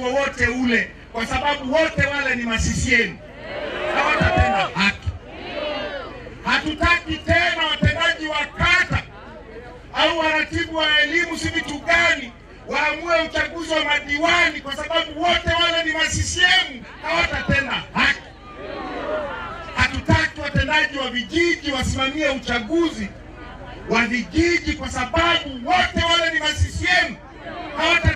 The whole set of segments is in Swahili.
wowote ule, kwa sababu wote wale ni masisiemu, hawatatenda haki. Hatutaki tena watendaji wa kata au waratibu wa elimu, si vitu gani, waamue uchaguzi wa madiwani, kwa sababu wote wale ni masisiemu, hawatatenda haki. Hatutaki watendaji wa vijiji wasimamie uchaguzi wa vijiji, kwa sababu wote wale ni masisiemu, hawata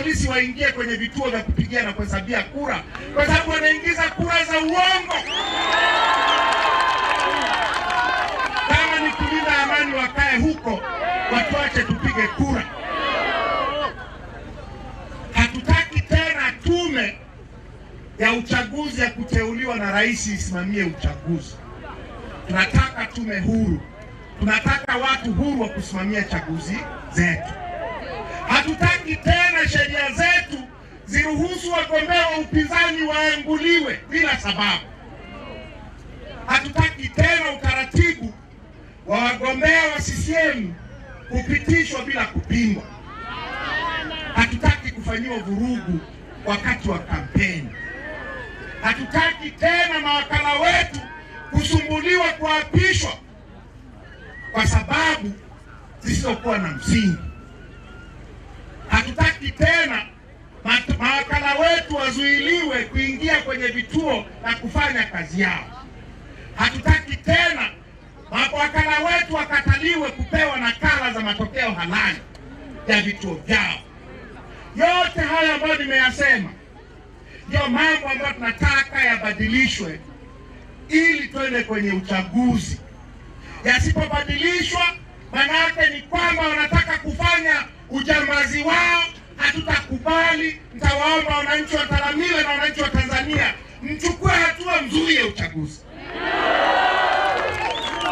polisi waingie kwenye vituo vya kupigia na kuhesabia kura, kwa sababu wanaingiza kura za uongo. Kama ni kulinda amani, wakae huko, watuache tupige kura. Hatutaki tena tume ya uchaguzi ya kuteuliwa na rais isimamie uchaguzi. Tunataka tume huru, tunataka watu huru wa kusimamia chaguzi zetu. Hatutaki tena upinzani waenguliwe bila sababu. Hatutaki tena utaratibu wa wagombea wa CCM kupitishwa bila kupingwa. Hatutaki kufanyiwa vurugu wakati wa kampeni. Hatutaki tena mawakala wetu kusumbuliwa kuapishwa kwa sababu zisizokuwa na msingi. Hatutaki tena wetu wazuiliwe kuingia kwenye vituo na kufanya kazi yao. Hatutaki tena mawakala wetu wakataliwe kupewa nakala za matokeo halali ya vituo vyao. Yote haya ambayo nimeyasema ndio mambo ambayo tunataka yabadilishwe ili twende kwenye uchaguzi. Yasipobadilishwa, manake ni kwamba wanataka kufanya ujambazi wao serikali, mtawaomba wananchi wa Taramiwe na wananchi wa Tanzania mchukue hatua nzuri ya uchaguzi.